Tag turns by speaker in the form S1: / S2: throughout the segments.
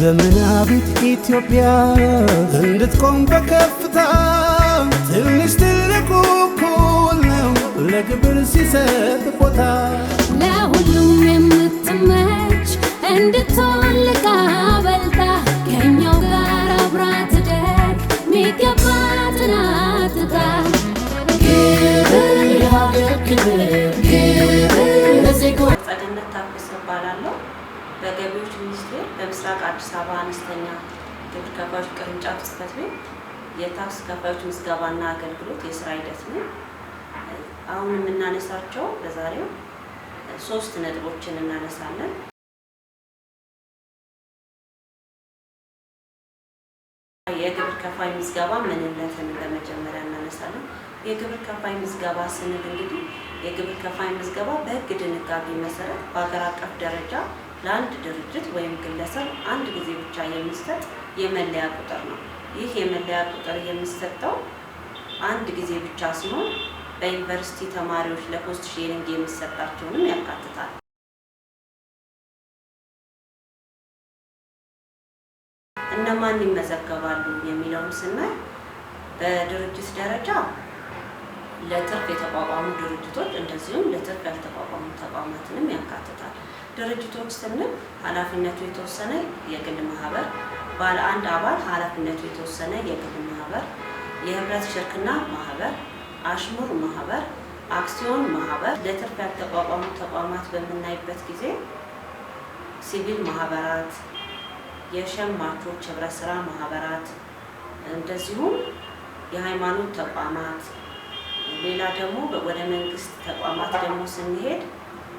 S1: ዘመናዊት ኢትዮጵያ እንድትቆም በከፍታ ትንሽ ትልቁ እኩል ነው ለግብር ሲሰጥ ቦታ ለሁሉም የምትመች እንድትሆን በልታ ከኛው ጋር አብራ ትደግ ሚገባትን አትታ ግብር ያገር ክብር ግብር ሚኒስቴር በምስራቅ አዲስ አበባ አነስተኛ ግብር ከፋዮች ቅርንጫፍ ጽሕፈት ቤት የታክስ ከፋዮች ምዝገባና አገልግሎት የስራ ሂደት ነው። አሁን የምናነሳቸው በዛሬው ሶስት ነጥቦችን እናነሳለን። የግብር ከፋይ ምዝገባ ምንነትን በመጀመሪያ እናነሳለን። የግብር ከፋይ ምዝገባ ስንል እንግዲህ የግብር ከፋይ ምዝገባ በህግ ድንጋጌ መሰረት በሀገር አቀፍ ደረጃ ለአንድ ድርጅት ወይም ግለሰብ አንድ ጊዜ ብቻ የሚሰጥ የመለያ ቁጥር ነው። ይህ የመለያ ቁጥር የሚሰጠው አንድ ጊዜ ብቻ ሲሆን በዩኒቨርሲቲ ተማሪዎች ለፖስት ሼሪንግ የሚሰጣቸውንም ያካትታል። እነማን ይመዘገባሉ የሚለውን ስናይ በድርጅት ደረጃ ለትርፍ የተቋቋሙ ድርጅቶች እንደዚሁም ለትርፍ ያልተቋቋሙ ተቋማትንም ያካትታል። ድርጅቶች ስንል ኃላፊነቱ የተወሰነ የግል ማህበር፣ ባለ አንድ አባል ኃላፊነቱ የተወሰነ የግል ማህበር፣ የህብረት ሽርክና ማህበር፣ አሽሙር ማህበር፣ አክሲዮን ማህበር። ለትርፍ ያልተቋቋሙ ተቋማት በምናይበት ጊዜ ሲቪል ማህበራት፣ የሸማቾች ህብረት ስራ ማህበራት፣ እንደዚሁም የሃይማኖት ተቋማት ሌላ ደግሞ ወደ መንግስት ተቋማት ደግሞ ስንሄድ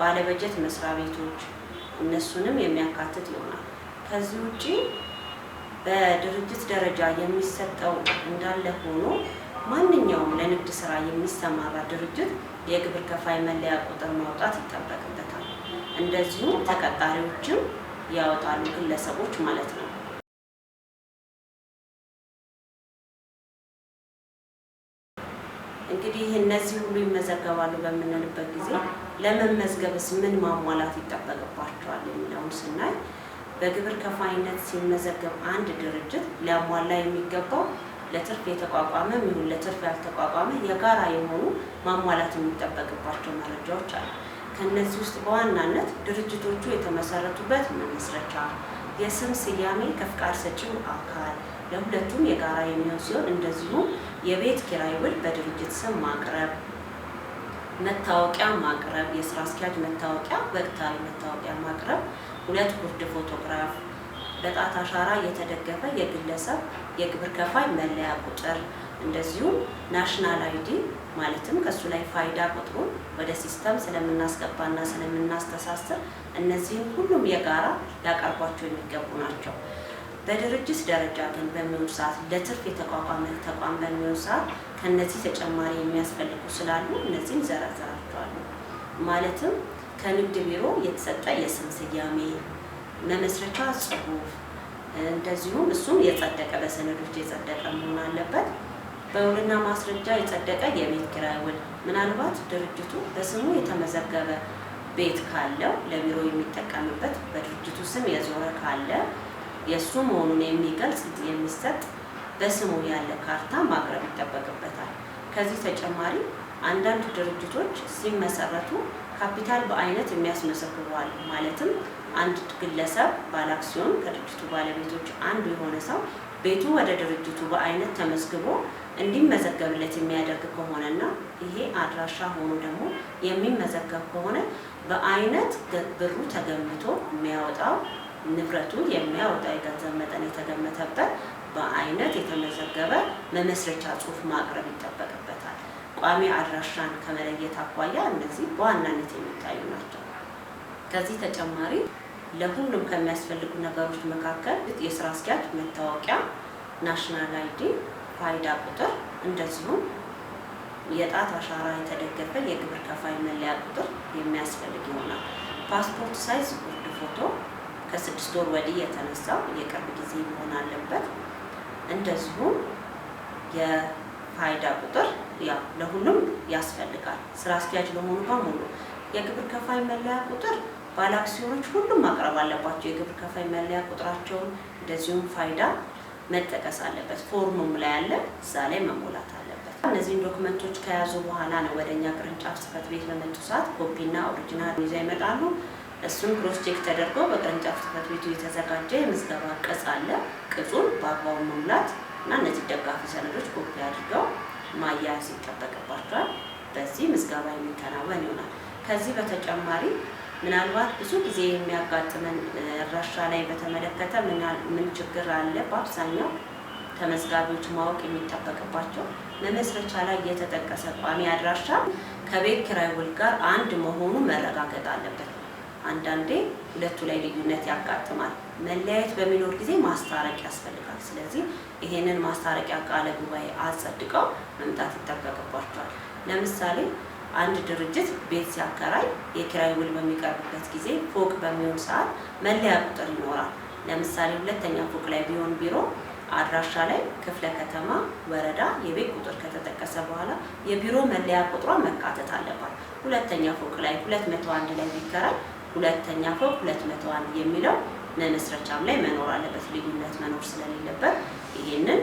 S1: ባለበጀት መስሪያ ቤቶች እነሱንም የሚያካትት ይሆናል። ከዚህ ውጪ በድርጅት ደረጃ የሚሰጠው እንዳለ ሆኖ ማንኛውም ለንግድ ስራ የሚሰማራ ድርጅት የግብር ከፋይ መለያ ቁጥር ማውጣት ይጠበቅበታል። እንደዚሁም ተቀጣሪዎችም ያወጣሉ፣ ግለሰቦች ማለት ነው። ይህ እነዚህ ሁሉ ይመዘገባሉ በምንልበት ጊዜ ለመመዝገብስ ምን ማሟላት ይጠበቅባቸዋል የሚለውን ስናይ በግብር ከፋይነት ሲመዘገብ አንድ ድርጅት ሊያሟላ የሚገባው ለትርፍ የተቋቋመ ይሁን ለትርፍ ያልተቋቋመ የጋራ የሆኑ ማሟላት የሚጠበቅባቸው መረጃዎች አሉ። ከእነዚህ ውስጥ በዋናነት ድርጅቶቹ የተመሰረቱበት መመስረቻ፣ የስም ስያሜ ከፍቃድ ሰጪው አካል ለሁለቱም የጋራ የሚሆን ሲሆን እንደዚሁም የቤት ኪራይ ውል በድርጅት ስም ማቅረብ፣ መታወቂያ ማቅረብ፣ የስራ አስኪያጅ መታወቂያ፣ ወቅታዊ መታወቂያ ማቅረብ፣ ሁለት ጉርድ ፎቶግራፍ፣ በጣት አሻራ የተደገፈ የግለሰብ የግብር ከፋይ መለያ ቁጥር እንደዚሁም ናሽናል አይዲ ማለትም ከእሱ ላይ ፋይዳ ቁጥሩን ወደ ሲስተም ስለምናስገባና ስለምናስተሳስር እነዚህም ሁሉም የጋራ ሊያቀርቧቸው የሚገቡ ናቸው። በድርጅት ደረጃ ግን በሚሆን ሰዓት ለትርፍ የተቋቋመ ተቋም በሚሆን ሰዓት ከነዚህ ተጨማሪ የሚያስፈልጉ ስላሉ እነዚህም ዘረዝራቸዋለሁ። ማለትም ከንግድ ቢሮ የተሰጠ የስም ስያሜ፣ መመስረቻ ጽሁፍ እንደዚሁም እሱም የጸደቀ በሰነዶች የጸደቀ መሆን አለበት። በውልና ማስረጃ የጸደቀ የቤት ኪራይ ውል፣ ምናልባት ድርጅቱ በስሙ የተመዘገበ ቤት ካለው ለቢሮ የሚጠቀምበት በድርጅቱ ስም የዞረ ካለ የእሱ መሆኑን የሚገልጽ የሚሰጥ በስሙ ያለ ካርታ ማቅረብ ይጠበቅበታል። ከዚህ ተጨማሪ አንዳንድ ድርጅቶች ሲመሰረቱ ካፒታል በአይነት የሚያስመሰክሩ ማለትም አንድ ግለሰብ ባለአክሲዮን ከድርጅቱ ባለቤቶች አንዱ የሆነ ሰው ቤቱ ወደ ድርጅቱ በአይነት ተመዝግቦ እንዲመዘገብለት የሚያደርግ ከሆነና ይሄ አድራሻ ሆኖ ደግሞ የሚመዘገብ ከሆነ በአይነት ብሩ ተገምቶ የሚያወጣው ንብረቱ የሚያወጣ የገንዘብ መጠን የተገመተበት በአይነት የተመዘገበ መመስረቻ ጽሑፍ ማቅረብ ይጠበቅበታል። ቋሚ አድራሻን ከመለየት አኳያ እነዚህ በዋናነት የሚታዩ ናቸው። ከዚህ ተጨማሪ ለሁሉም ከሚያስፈልጉ ነገሮች መካከል የስራ አስኪያጅ መታወቂያ፣ ናሽናል አይዲ፣ ፋይዳ ቁጥር እንደዚሁም የጣት አሻራ የተደገፈ የግብር ከፋይ መለያ ቁጥር የሚያስፈልግ ይሆናል። ፓስፖርት ሳይዝ ጉርድ ፎቶ ከስድስት ወር ወዲህ የተነሳው የቅርብ ጊዜ መሆን አለበት። እንደዚሁም የፋይዳ ቁጥር ለሁሉም ያስፈልጋል። ስራ አስኪያጅ ለሆኑ በሙሉ የግብር ከፋይ መለያ ቁጥር ባለአክሲዮኖች ሁሉም ማቅረብ አለባቸው። የግብር ከፋይ መለያ ቁጥራቸውን እንደዚሁም ፋይዳ መጠቀስ አለበት። ፎርሙም ላይ አለ፣ እዛ ላይ መሞላት አለበት። እነዚህን ዶክመንቶች ከያዙ በኋላ ነው ወደ እኛ ቅርንጫፍ ጽፈት ቤት በመጡ ሰዓት ኮፒና ኦሪጂናል ይዘው ይመጣሉ። እሱም ክሮስ ቼክ ተደርጎ በቅርንጫፍ ጽሕፈት ቤቱ የተዘጋጀ የምዝገባ ቅጽ አለ። ቅጹን በአግባቡ መሙላት እና እነዚህ ደጋፊ ሰነዶች ኮፒ አድርገው ማያያዝ ይጠበቅባቸዋል። በዚህ ምዝገባ የሚከናወን ይሆናል። ከዚህ በተጨማሪ ምናልባት ብዙ ጊዜ የሚያጋጥመን እድራሻ ላይ በተመለከተ ምን ችግር አለ? በአብዛኛው ተመዝጋቢዎች ማወቅ የሚጠበቅባቸው መመስረቻ ላይ የተጠቀሰ ቋሚ አድራሻ ከቤት ኪራይ ውል ጋር አንድ መሆኑ መረጋገጥ አለበት። አንዳንዴ ሁለቱ ላይ ልዩነት ያጋጥማል። መለያየት በሚኖር ጊዜ ማስታረቅ ያስፈልጋል። ስለዚህ ይሄንን ማስታረቂያ ቃለ ጉባኤ አጸድቀው መምጣት ይጠበቅባቸዋል። ለምሳሌ አንድ ድርጅት ቤት ሲያከራይ የኪራይ ውል በሚቀርብበት ጊዜ ፎቅ በሚሆን ሰዓት መለያ ቁጥር ይኖራል። ለምሳሌ ሁለተኛ ፎቅ ላይ ቢሆን ቢሮ አድራሻ ላይ ክፍለ ከተማ፣ ወረዳ፣ የቤት ቁጥር ከተጠቀሰ በኋላ የቢሮ መለያ ቁጥሯ መካተት አለባት። ሁለተኛ ፎቅ ላይ ሁለት መቶ አንድ ላይ ቢከራይ ሁለተኛ ፎቅ 201 የሚለው መመስረቻም ላይ መኖር አለበት፣ ልዩነት መኖር ስለሌለበት ይሄንን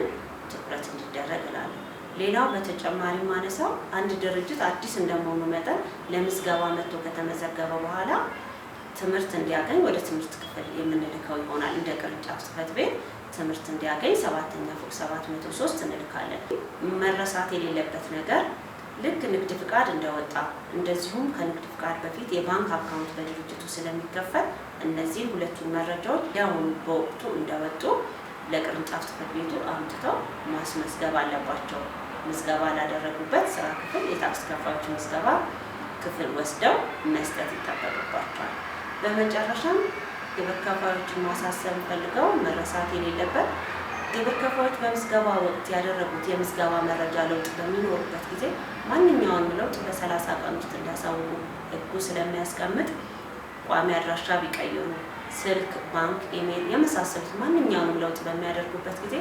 S1: ትኩረት እንዲደረግ እላለሁ። ሌላው በተጨማሪ ማነሳው አንድ ድርጅት አዲስ እንደመሆኑ መጠን ለምዝገባ መጥቶ ከተመዘገበ በኋላ ትምህርት እንዲያገኝ ወደ ትምህርት ክፍል የምንልከው ይሆናል። እንደ ቅርንጫፍ ጽሕፈት ቤት ትምህርት እንዲያገኝ ሰባተኛ ፎቅ ሰባት መቶ ሶስት እንልካለን። መረሳት የሌለበት ነገር ልክ ንግድ ፍቃድ እንደወጣ እንደዚሁም ከንግድ ፍቃድ በፊት የባንክ አካውንት በድርጅቱ ስለሚከፈል እነዚህን ሁለቱን መረጃዎች ያሁኑ በወቅቱ እንደወጡ ለቅርንጫፍ ጽሕፈት ቤቱ አምጥተው ማስመዝገብ አለባቸው። ምዝገባ ላደረጉበት ስራ ክፍል የታክስ ከፋዮች ምዝገባ ክፍል ወስደው መስጠት ይጠበቅባቸዋል። በመጨረሻም የበካፋዮችን ማሳሰብ ፈልገው መረሳት የሌለበት ግብር ከፋዮች በምዝገባ ወቅት ያደረጉት የምዝገባ መረጃ ለውጥ በሚኖርበት ጊዜ ማንኛውንም ለውጥ በሰላሳ ቀን ውስጥ እንዲያሳውቁ ሕጉ ስለሚያስቀምጥ ቋሚ አድራሻ ቢቀይሩ ስልክ፣ ባንክ፣ ኢሜይል የመሳሰሉት ማንኛውንም ለውጥ በሚያደርጉበት ጊዜ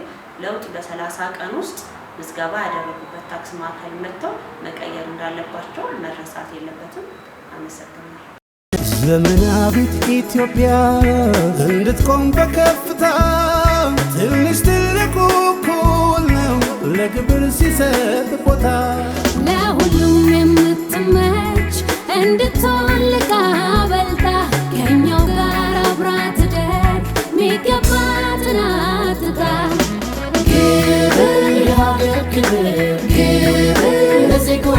S1: ለውጥ በሰላሳ ቀን ውስጥ ምዝገባ ያደረጉበት ታክስ ማዕከል መጥተው መቀየር እንዳለባቸው መረሳት የለበትም። አመሰግናለሁ። ዘመናዊት ኢትዮጵያ እንድትቆም በከፍታ ትንሽ ትልቁ እኩል ነው ለክብር ሲሰጥ ቦታ ለሁሉ